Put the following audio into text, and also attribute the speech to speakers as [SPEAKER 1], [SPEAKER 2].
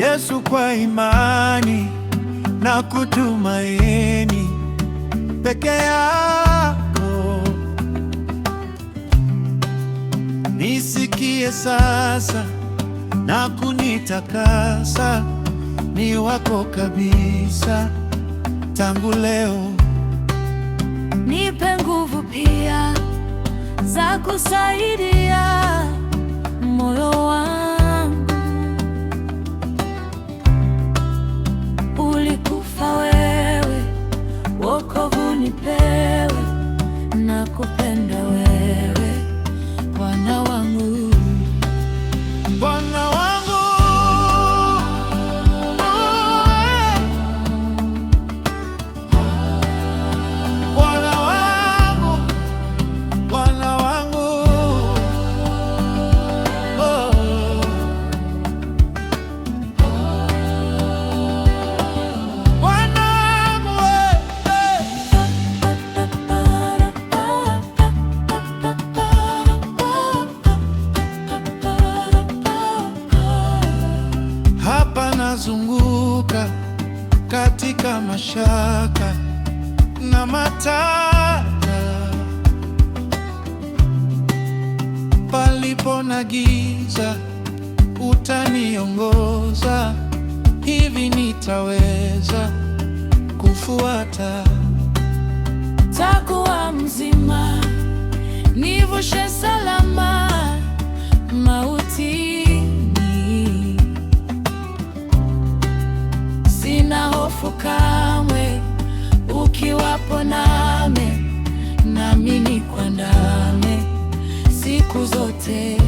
[SPEAKER 1] Yesu kwa imani na kutumaini peke yako. Nisikie sasa na kunitakasa, ni wako kabisa tangu leo.
[SPEAKER 2] Nipe nguvu pia za kusaidia moyo wangu baby.
[SPEAKER 1] katika mashaka na matata, palipo na giza utaniongoza.
[SPEAKER 2] kamwe, ukiwapo name, nami ni kwa ndame siku zote.